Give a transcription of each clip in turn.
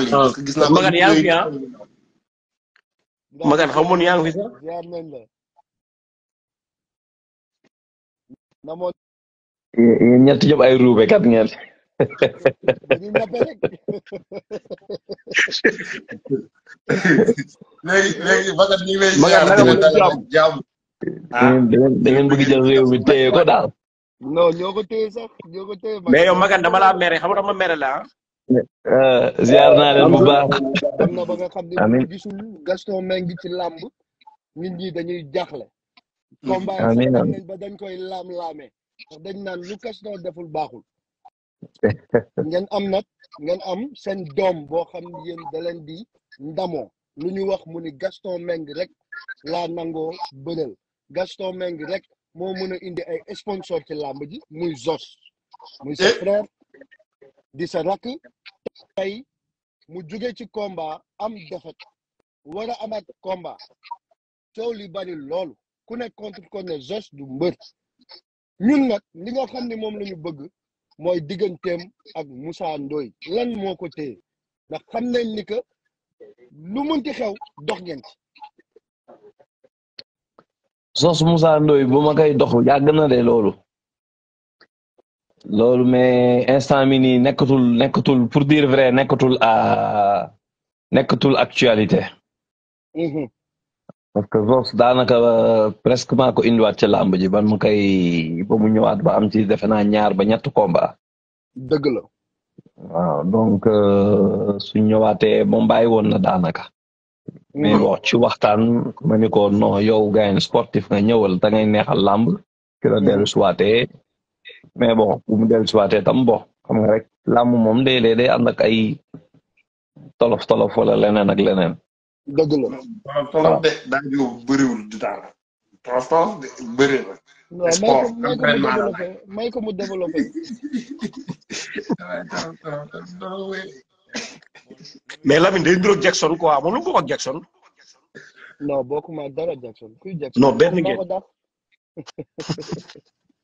en ligne. gis naa Mbagane yaa ngi fi ah. Mbagane xam moon yaa ngi fi sax. yéen ñett ñëpp ay ruube kat ngeen. léegi léegi Mbagane ñu ngi lay. Mbagane da ngeen bëgg jël réew mi téye ko daal. non ñoo ko téye sax ñoo ko téye. mais yow Mbagane dama laa mere xam nga dama mere la ziar naa leen bu baax. am na ba nga xam ne gisul Gaston Mbengue ci làmb nit ñi dañuy jaaxle. amiin amiin ba dañ koy laam-laame ndax dañ naan lu Gaston deful baaxul. ngeen am nag ngeen am seen doom boo xam ne yéen di ndamoo lu ñu wax mu ni Gaston Mbengue rek laa nangoo bëral Gaston Mbengue rek moo mën a indi ay sponsor ci làmb ji muy Zos. muy sa eh? frère di sa rakk. tey mu jóge ci komba am défaite wara a komba combat coow li bari loolu ku ne contre ko ne jos du mbër ñun nag li nga xam ne moom lañu bëgg mooy digganteem ak Moussa Ndoye lan moo ko téye ndax xam nañ ni que lu mënti xew dox ngeen ci sos Moussa Ndoye bu ma koy dox yàgg na de loolu loolu mais instant mi nii nekkatul nekkatul pour dire vrai nekkatul nekkatul actualité. Mhm. parce que Zoss daanaka euh, presque maa ko indiwaat ci làmb ji ban mu koy ba mu ba am ci defe naa ñaar ba ñett combat. dëgg la. waaw donc euh, su ñëwaatee moom bàyyi woon na daanaka. Mhm. ci waxtaan ma ni ko non yow gayen sportif nga ñëwal da ngay neexal làmb. ki la dellu mais bon bu mu dellu siwaatee tam bon xam nga rek làmb moom day day day ànd ay tolof tolof wala leneen ak leneen. dëgg la tolof tolof de daa jiw bëriwul di daal tolof tolof bëri la. ko mu développé mais Lamine day nduróog Jackson quoi moom lu mu dara Jackson kuy Jackson.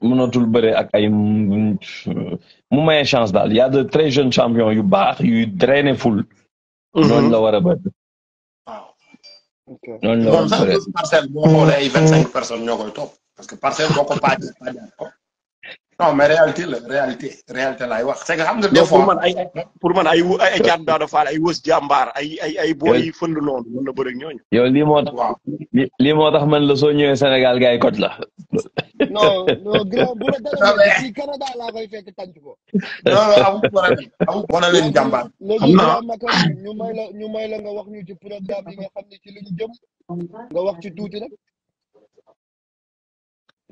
mënatul bëre ak ay mu maye chance daal y de très jeunes champions yu baax yuy drainer ful. Mhm. noonu la war a bëri. noonu la war a bëri. parcelle boo xoolee ay vingt cinq personnes ñoo koy topp parce que parcelle boo ko paajee non mais réalité la réalité réalité laay wax. c'est que xam nga des pour man ay pour ay ay caatu Daouda ay wës jàmbaar ay ay ay booy yi fënd noonu mën na bëri ak ñooñu. yow lii tax man la soo ñëwee Sénégal gay yi coach la. non non bu la dalee ci Canada laa koy fekk ko. non non amul problème amul. ñu may nga wax ñu ci programme yi nga xam ne ci lu jëm nga wax ci tuuti rek.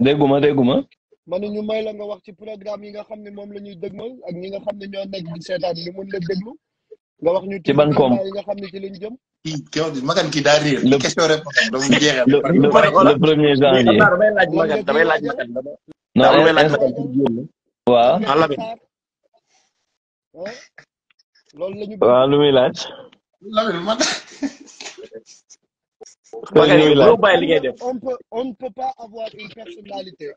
dégguma dégguma. ma ne ñu may la nga wax ci programme yi nga xam ne moom la ñuy dëgmal ak ñi nga xam ne ñoo nekk di seetaan ñu mun la déglu. nga wax ñu ci ban koom nga xam ne ci lañ jëm. kii kii Maguette kii daa réer. question réponse da mu premier janvier. damay laaj Maguette damay laaj Maguette. non damay laaj Maguette pour génn. waaw. loolu la ñu. waaw lu muy laaj. Lamine man. Maguette yow def.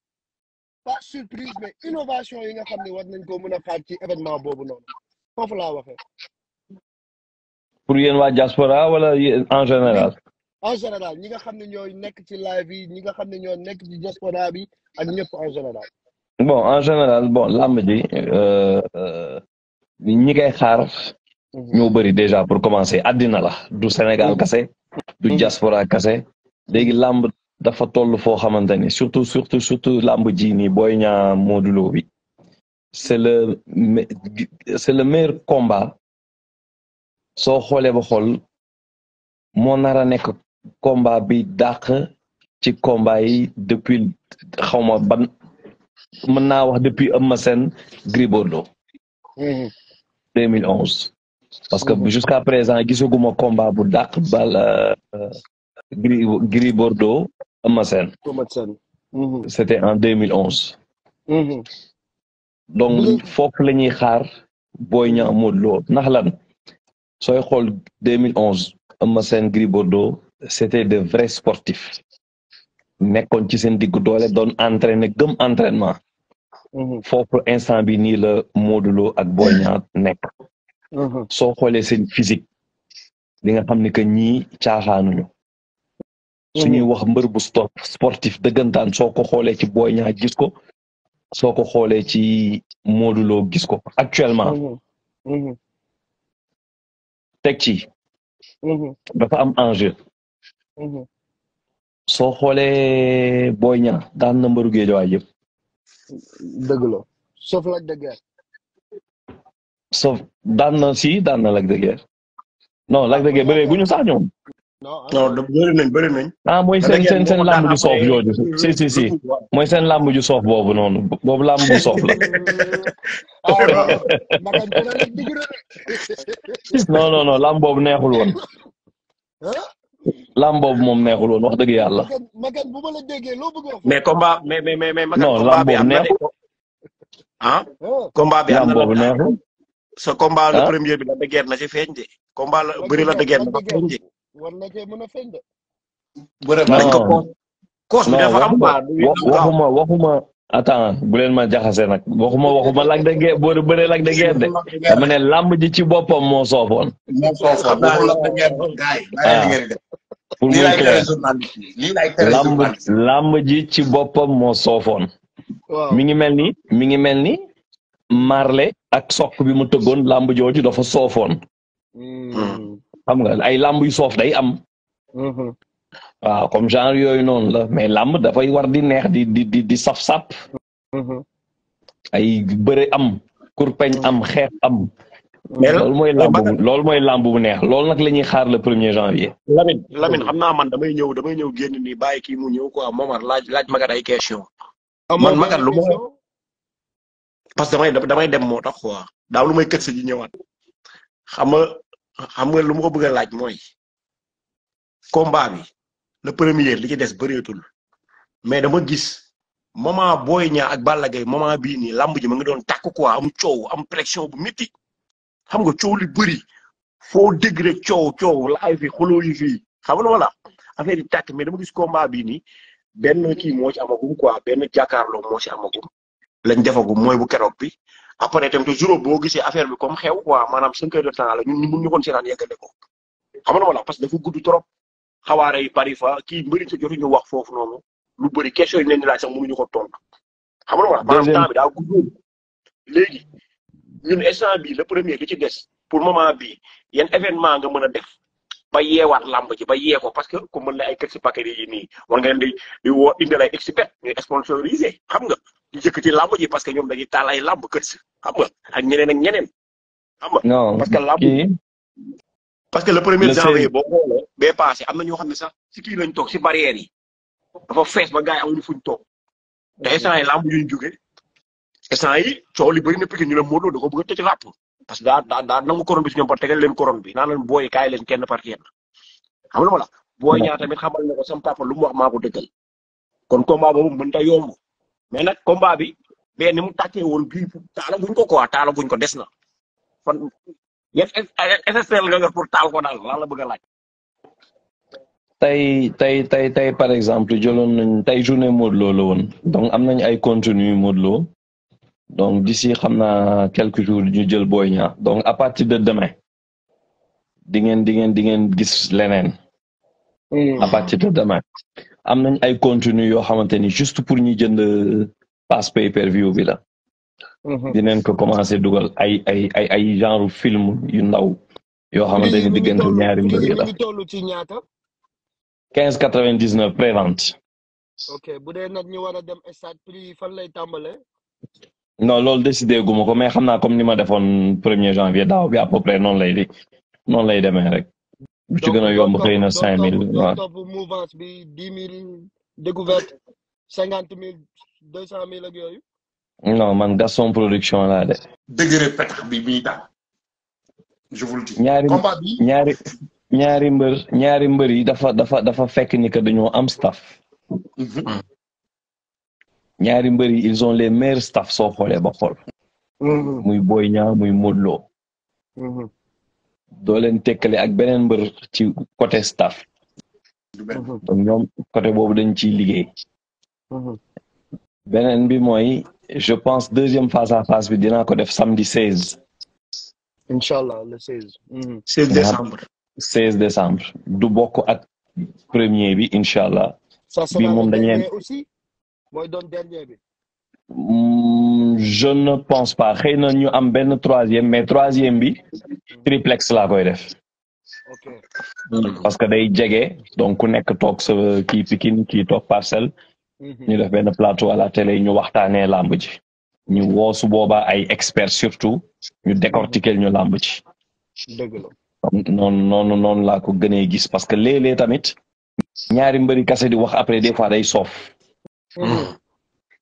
pas surprise mais innovation yi nga xam ne war nañ ko mën a xaar ci événement boobu noonu foofu laa waxee. pour yéen diaspora wala en général. en général ñi nga xam ne ñooy nekk ci live yi ñi nga xam ne ñoo nekk ci diaspora bi ak ñëpp en général. bon en général bon làmb ji euh, euh, ñi koy xaar. ñoo mhm. bëri déjà pour commencer àddina la du Sénégal mhm. kase du diaspora kase léegi làmb dafa toll foo xamante surtout surtout surtout làmb ji nii Boy modulo bi c'est le c'est le meilleur combat soo xoolee ba xool moo nar a combat bi dàq ci combat yi depuis xawma ban mën wax depuis Eumeu Gris Bordeaux 2011 mm-hmm. parce que mm-hmm. jusqu'à présent gisaguma combat bu dàq bal euh, Gris Gris Bordeaux Eumeu Sène. Eumeu Sène. c'était en 2011. Mhm. donc foofu la ñuy xaar Boy Niang Modou Lo ndax lan 2011 Eumeu Sène Gris Bordeaux c'était de vrais sportifs nekkoon ci seen diggu doole don entraîné gëm entraînement. Mhm. foofu instant bi nii la Modou Lo ak Boy Niang nekk. Mhm. soo xoolee seen physique di nga xam ni que ñii caaxaanuñu. suñuy mmh. wax mbër bu sport sportif dëggantaan soo ko xoolee ci Boy Niang gis ko soo ko xoolee ci Modou Lo gis ko actuellement. Mmh. Mmh. teg ci. dafa am enjeu. soo xoolee Boy Niang daan na mbëru Géejawaay yëpp. dëgg la daan na si daan na Lac de Guiers. non Lac de Guiers ba léegi ñu sax ñoom. non ah, bëri nañ bëri nañ. ah mooy seen seen seen làmb ju soof jooju si si si mooy seen làmb ju soof boobu noonu boobu làmb ju soof la. Ah, non non neexul woon. làmb boobu moom neexul woon wax dëgg yàlla. mais combat mais mais mais mais. non làmb oh. boobu neexul. neexul. sa combat le premier bi la dëgër na feeñ de. combat la bëri na ba feeñ de. war na cee mën a feeñ de. bërëb dañ ko ko bu leen ma jaxase nag waxuma waxuma Lac de Guiers boo bëree Lac de làmb ji ci boppam moo soofoon. moo soofoon ah. pour ji ci boppam moo soofoon. mi ngi mel ni mi ngi mel ni Marley ak sokk bi mu tëggoon làmb jooju dafa soofoon. Hmm. xam nga ay lamb yu soof day am waaw comme genre yooyu noonu la mais làmb dafay war di neex di di di di saf-sàpp ay bëre am kurpeñ am xeex am mais lol mooy làmb bu loolu mooy làmb bu neex loolu nag la ñuy xaar le premier janvier Lamine Lamine xam naa man damay ñëw damay ñëw génn ba bàyyi kii mu ñëw quoi Momar laaj laaj Maguette ay question ah, man Maguette lu ma parce que damay damay dem moo tax quoi daaw lu may xam nga lu ma ko bëgg a laaj mooy combat bi le premier li ci des bëreetul mais dama gis moment Boy Niang ak Balla Gaye moment bii nii làmb ji ma ngi doon tàkk quoi am coow am pression bu métti xam nga coow li bëri foo dégg rek coow coow laay fi xuloo yi xam nga wala affaire yi tàkk mais dama gis combat bii nii benn kii moo ci amagum quoi benn jàkkaarloo moo ci amagum lañ defagum mooy bu keroog bi après tam te juro bo gisee affaire bi comme xew quoi manam cinq heures de temps la ñun ñu mun ñu koon seetaan yeggale ko xam nga wala parce que dafa gudd trop xawaare yi bari fa ki mbeuri ci sa ñu wax fofu nonu lu bari question yi leen la laaj sax mënuñu ko tontu xam nga wala manam temps bi da gudd léegi ñun instant bi le premier li ci dess pour moment bi yeen événement nga mëna def ba yeewaat lamb ci ba yee ko parce que ko mën lay ay kër paquet yi ni war nga leen di di woo indil ay expert ñu sponsoriser xam nga yëkëti lamb yi parce que ñoom dañuy taal lamb kër si xam nga ak ñeneen ak ñeneen. xam nga parce que lamb parce que le premier janvier boo xoolee bee passé am na ñoo xam ne sax si kii lañ toog si barrière yi dafa fees ba gars yi amuñu fuñ toog te instant yi làmb yuñ jóge instant yi coow li bëri na pikin ñu ne moo Lo da ko bëgg a tëj rapp parce que daa daa daa nangu koron bi si ñoom ba tegal leen koron bi naan leen booy kaay leen kenn par kenn xam nga ma la booy ñaata tamit xamal ne ko sama papa lu mu wax maa ko dëggal kon combat boobu mën ta yomb mais nag combat bi mais ni mu tàccee woon bii taalaguñ ko quoi taalaguñ ko des na kon yan SSL nga yor pour taal ko daal lan la bëgg a laaj. Tay tay tay tay, par exemple jëloon nañ tay journée Modou Lo la woon donc am nañ ay contenu Modou Lo donc d'ici xam naa quelques jours ñu jël Boy Niang donc à partir de demain di ngeen di ngeen di ngeen gis leneen. Hmm. à partir de demain. am nañ ay contenu yoo xamante ni juste pour ñu jënd pass pay per view bi la. Mm-hmm. dinañ ko commencé dugal ay ay ay ay genre film yu ndaw yoo xamante ni diggante ñaari mbir yi la. quinze quatre vingt dix neuf prévente. ok bu dee nag ñu war a dem stade prix yi fan lay tàmbalee. non loolu décidé guma ko mais xam naa comme ni ma defoon premier janvier daaw bi à peu près noonu lay di noonu lay demee rek. bu ci gën a yomb xëy na cinq mille waaw topp mouvance bi dix mille découverte cinquante mille deux cent mille ak yooyu non man Gaston production la de dégré petax bi muy daal je vous ñaari ñaari ñaari mbër yi dafa dafa dafa fekk ni que dañoo am staff mhm. ñaari mbër yi ils ont les meilleurs staff soo xoolee ba xool mhm. muy Boy muy Modou doo leen tekkale ak beneen mbër ci côté staff mhm. donc ñoom côté boobu dañ ci liggéey mhm. beneen bi mooy je pense deuxième face à face bi dinaa ko def samedi 16 inshallah allah le seize mhm. seize décembre 16 décembre du bokk ak premier bi inshallah bi moom dañeen mooy doon dernier bi je ne pense pas xëy na ñu am benn troisième mais troisième bi triplex la koy def parce que day jege donc ku que toog ce kii Pikine qui toog parcelle mhm. ñu def ben plateau à la télé ñu waxtaanee làmb ji ñu woo su ay experts surtout ñu décortiquer ñu làmb ji Non, non, non, non, noonu laa ko gis parce que les, les, tamit ñaari mbëri kase di wax après des fois day soft. Mhm.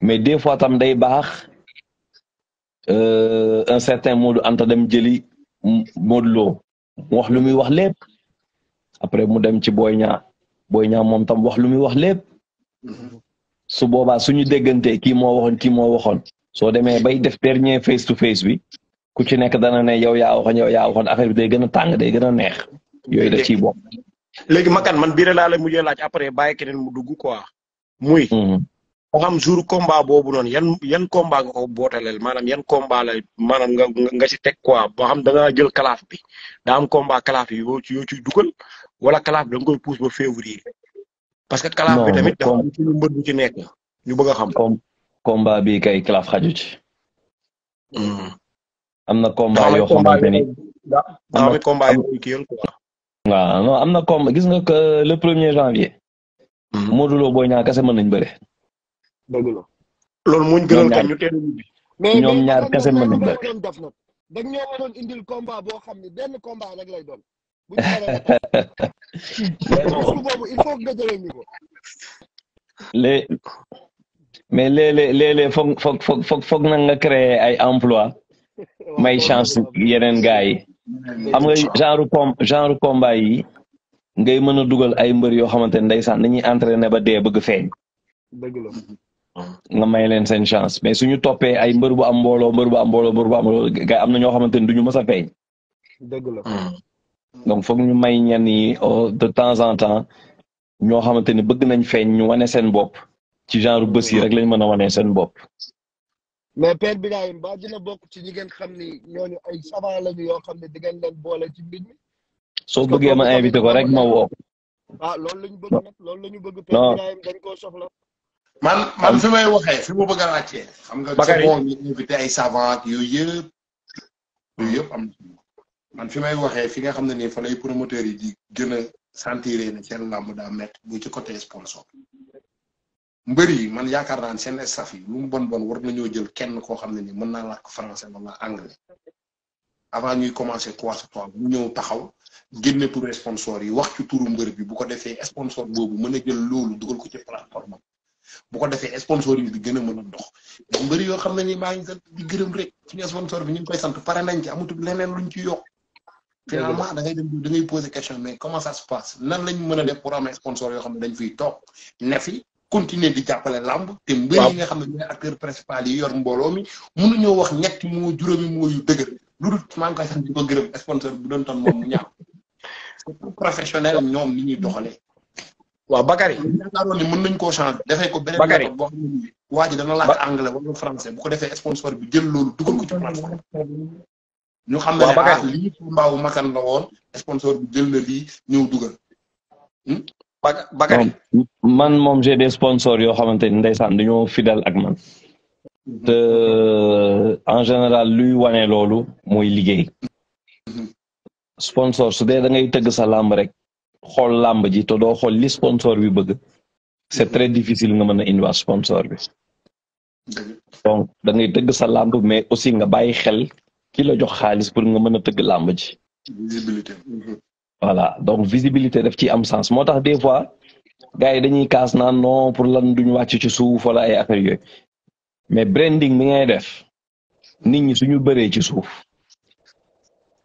mais des fois tam day baax euh, un certain Modou Anta dem jëli Modou Lo wax lu muy wax lépp après mu dem ci Boy Niang Boy Niang moom tam wax lu muy wax lépp su boobaa suñu déggante kii moo waxoon kii moo waxoon soo demee bay def dernier face to face bi ku ci nekk dana ne yow yaa waxoon yow yaa waxoon bi day gën a tàng day gën a neex yooyu da ci bokk léegi Makan man biir laa la mujjee laaj après bàyyi keneen mu dugg quoi muy mm-hmm. ba xam jour combat bobu non yan yan combat nga ko botalel manam yan combat la manam nga nga ci tek quoi bo xam da nga jël calaf bi da am combat calaf yi boo ci yoo ciy dugal wala calaf da nga pousse ba février. parce que calaf bi tamit da am ci lu mbeud ci nek ñu bëgg xam. combat bi kay calaf xaju ci. amna combat yo xamanteni da am na combat yoo xamante ni waaw non am combat gis nga que le er janvier. Hmm. modulo Boy ñaka kese mën nañ bëre. dëgg mu loolu moo ñu gënal kan ñoom ñaar kese mën nañ bëri def nag da ñoo boo xam ne denn combat rek lay doon. bu ñu paree boobu il faut nga jëlee ñu ko. léegi mais foog foog foog créer ay emploi may chance yeneen gars yi xam nga genre com yi ngay mën a dugal ay mbër yoo xamante ne ndeysaan dañuy entraîné ba dee bëgg feeñ. nga may leen seen chance mais suñu toppee ay mbër am mbooloo mbër am mbooloo mbër am na ñoo xamante ni duñu mës feeñ. Hmm. donc foog ñu may ñenn yi oh, de temps en temps ñoo xamante ni bëgg nañ feeñ ñu wane seen bop ci genre bés yi rek lañ mën a wane seen bopp. mais Père Birahim ba dina bokk ci ñi xam ni ñooñu ay savant lañu yoo xam ne di ngeen leen boole ci mbir mi. soo bëggee ma invité ko rek ma woo. ah loolu la ñu bëgg nag loolu la ñu man man fi may waxee fi ma bëgg a wàccee. xam nga c'est bon ñu ay savant yooyu yëpp. yooyu yëpp am man fi may waxee fi nga xam ne nii fa lay promoteurs yi di gën a sentir ne seen làmb daa métti bu ci côté sponsor. mbër yi man yaakaar naa ne seen staff yi lu mu bon bon war na ñoo jël kenn koo xam ne nii mën naa làkk français wala anglais avant ñuy commencer croiser toile mu ñëw taxaw génne pour sponsor yi wax ci turu mbër bi bu ko defee sponsor boobu mën a jël loolu dugal ko ci plateforme bu ko defee sponsor yi di gën a mën a dox donc mbëri yoo xam ne ni maa ngi sant di gërëm rek suñu sponsor bi ñu ngi koy sant pare nañ ci amatul leneen luñ ci a def pour am sponsor yoo xam ne dañ fiy fi continuer di jàppale làmb te mbëri nga xam ne ñooy acteur principal yi yor mbooloo mi mënuñoo wax ñetti moo juróomi moo yu dëgër lu dul maa ngi koy sant di ko gërëm sponsor bu doon toon moom mu ñaaw professionnel ñoom ni ñuy doxalee waaw Bakary. yaakaaroon mën nañ koo changer. defee ko beneen méthode boo xam ne waa ji dana laaj anglais wala français bu ko defee sponsor bi jël loolu dugal ko ci plateforme xam ne ah lii mbaawu makan sponsor bi jël na lii ñëw dugal. Hmm? man moom j'ai des sponsors yoo xamante ni ndeysaan dañoo fidèle ak man. Hmm. en général luy wane loolu mooy liggéey. Hmm. sponsor su dee da ngay tëgg sa làmb rek. xool làmb ji te doo xool li sponsor bi bëgg c'est très difficile nga mën a indiwaat sponsor bi donc da ngay tëgg sa làmb mais aussi nga bàyyi xel ki la jox xaalis pour nga mën a tëgg làmb ji visibilité voilà donc visibilité def ci am sens moo tax des fois gars yi dañuy kaas naan non pour lan duñu wàcc ci suuf wala ay affaire yooyu mais branding bi ngay def nit ñi suñu bëree ci suuf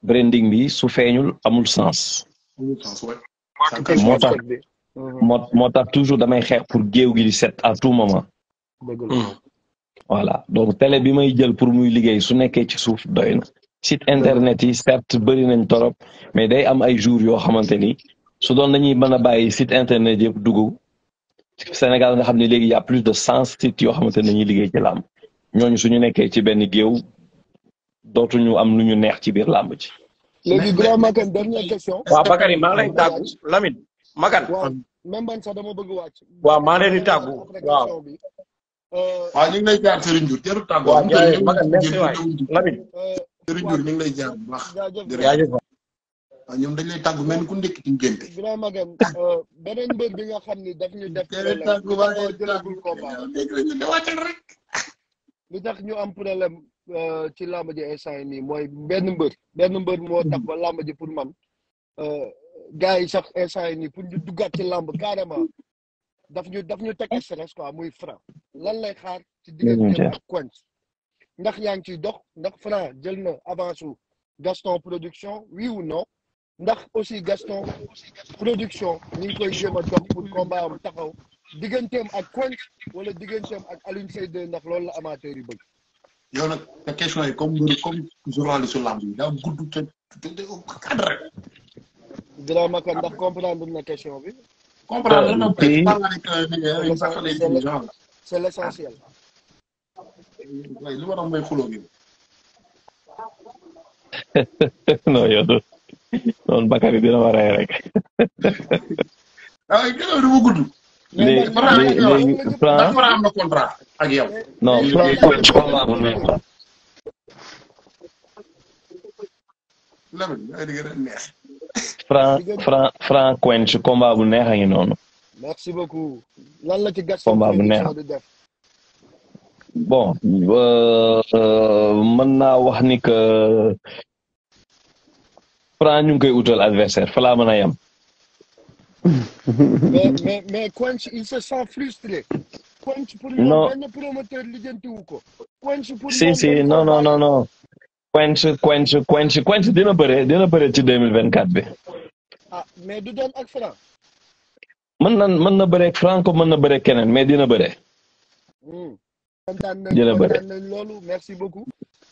branding bi su feeñul amul sens moo mhm. tax toujours damay xeex pour géew gi di set à tout moment. Mhm. voilà donc télé bi may jël pour muy liggéey su nekkee ci suuf doy na. site internet yi certes bëri nañ torop mais day am ay jours yoo xamante ni su doon dañuy mën a bàyyi site internet yëpp dugg Sénégal nga xam ne léegi y' a plus de cent sites yoo xamante ne dañuy liggéey ci làmb ñooñu suñu nekkee ci benn géew dootuñu am lu ñu neex ci biir làmb ci léegi grand Makan dernière question. waaw Bakary maa ngi lay tàggu Lamine Makan. waaw même man sax bëgg wàcc. waa maa leen di tàggu waaw. Euh, ngi lay jaar Serigne Diour jarul tàggu. ñu ngi lay jaar bu baax. jaajëf ñoom dañ lay tàggu me ni ku ndekki ci ngénte. grand Makan euh, beneen bi nga xam ni daf ñu def. teel a tàggu ba teel a tàggu li tax ñu am problème euh, ci làmb ji instant yi nii mooy benn mbër benn mbër moo tax ba làmb ji pour man euh, gars yi sax instant yi nii pour ñu duggaat ci làmb carrément daf ñu daf ñu teg stress quoi muy franc lan lay xaar ci diggante mm-hmm. ak Quench ndax yaa ngi ciy dox ndax franc jël na avance u Gaston production oui ou non ndax aussi Gaston production ñu ngi koy jéem a pour combat am taxaw digganteem ak Quench wala digganteem ak Alioune Seye ndax loolu la amateur yi bëgg. yow nag te question yi comme loolu comme journaliste lamb yi daa gudd te te te cadre rek. ndax comprendre na na peut être par la c'est l'essentiel. li waroon may xuloo gi. noonu Bakary dina ma rey rek. Ah léegi léegi Franc não am na contrat ak não non Franc Não, ci não bu neex la. Franc não Franc Quench ci combat merci beaucoup. lan la ci gàtt combat bu neex bon euh, mën naa wax ni que Franc ñu ngi koy utal adversaire fa laa mais mais mais Quench ils se sont frustrés. Quench pour ñoom benn promoteur lijjanti wu ko. Quench pour si si non non non non. Quench Quench Quench Quench dina bëre dina bëre ci deux mille vingt quatre bi. ah mais du doon ak Franc. mën na mën na bëre Franco mën na bëre keneen mais dina bëre. Hmm. dina bëre kontaan nañ loolu merci beaucoup.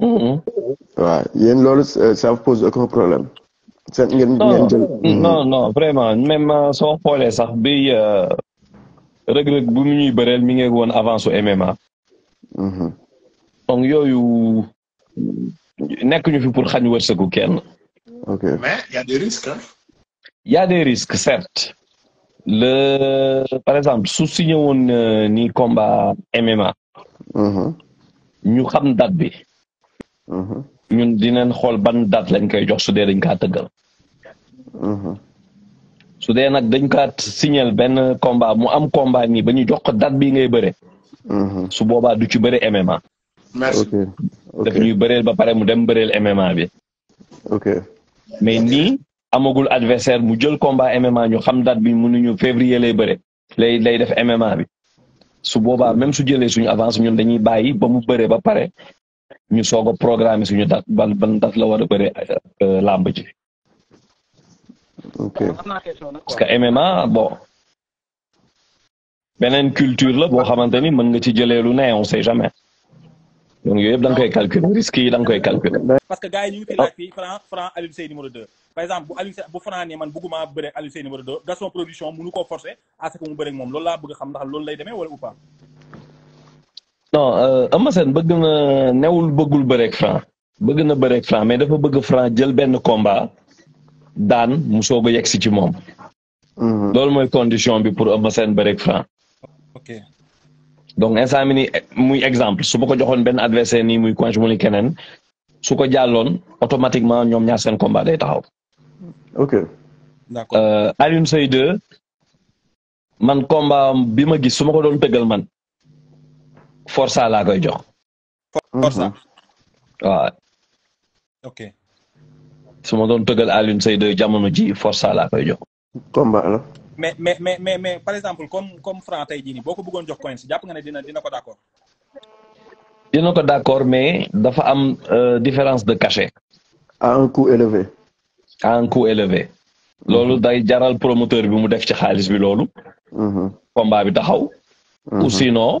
Mm-hmm. waaw yéen loolu euh, ça pose aucun problème. seen ngeen ngeen jël mm-hmm. non non vraiment même euh, soo xoolee sax bi Reug Reug bu mu ñuy bëreel mi ngi woon avance su MMA. Mm-hmm. donc yooyu nekk ñu fi pour xañ wërsëgu kenn. ok mais y a des risques hein? y a des risques certes le par exemple su signé woon euh, ni combat MMA. ñu xam date bi. Mm-hmm. ñun dinañ xool ban date lañ koy jox su dee dañ kaa tëggal. Mm-hmm. su dee nag dañ kaa signal benn combat mu am combat nii ba ñu jox ko date bii ngay bëre. Mm-hmm. su boobaa du ci bëre MMA. daf ñuy bëreel ba pare mu dem bëreel MMA bi. mais nii amagul adversaire mu jël combat MMA ñu xam date bi mënuñu février lay bëre lay lay def MMA bi. su boobaa même su jëlee suñu avance ñun dañuy bàyyi ba mu bëree ba pare ñu soog a programme suñu date ban ban date la war a bëre euh, làmb ji. ok parce que MMA bo beneen culture la boo xamante ni mën nga ci jëlee lu ne on sait jamais. donc yooyu yëpp da nga koy calculer risque yi da nga koy calculer. parce que gars yi ñu ngi laaj fii Franc Franc Aliou Seye numéro 2 par exemple bu Aliou Seye man bëgguma bëre Aliou Seye numéro 2 Gaston production mënu koo forcer à ce que mu bëre ak moom loolu laa bëgg xam ndax loolu lay demee wala u pas. non euh, Eumeu bëgg na newul bëggul bëreeg Franc bëgg na bëreeg Franc mais dafa bëgg Franc jël benn combat daan mu soog a si ci moom. Mhm. loolu mooy condition bi pour Eumeu Sène bëreeg Franc. donc instant mi ni muy exemple su ma ko joxoon benn adversaire nii muy coince mu ni keneen su ko jàlloon automatiquement ñoom ñaar seen combat day taxaw. ok d'accord euh, Alioune man combat bi ma gis su ko doon tëggal man. Forza laa koy jox. Forza. Mhm. waaw. ok. su ma doon tëggal Alioune Seye de jamono ji Forza laa koy jox. combat la. mais mais mais mais mais par exemple comme comme Franc tey jii nii ko bëggoon jox coins jàpp nga ne dina dina ko d' dina ko d' accord mais dafa am euh, différence de cachet. à un coût élevé. à loolu mhm. day jaral promoteur bi mu def ci xaalis bi loolu. Mhm. combat bi taxaw. ou sinon.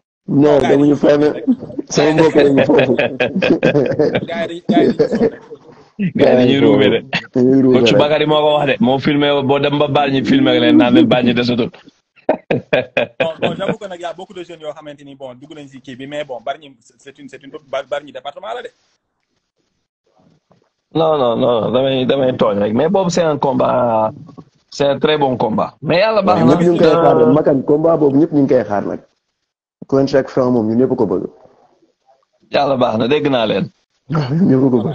non demuñu fenn sama mbokk la ñu foofu. gars yi moo ko boo dem ba baal ñu leen naan leen baal ñu desatul. bon bon j'avoue que yoo xamante ni bon dugg nañ si kii bi mais bon bari ñu c'est une c'est une bari ñu département la de. non non non tooñ rek mais boobu c'est un combat c'est très bon combat. mais yàlla baax na ñëpp ñu ngi boobu ñëpp ñu ngi koy xaar nag. Coin Check Franc moom ñu ñëpp ko bëgg. yàlla baax na dégg naa leen. waaw ñu ñëpp ko bëgg.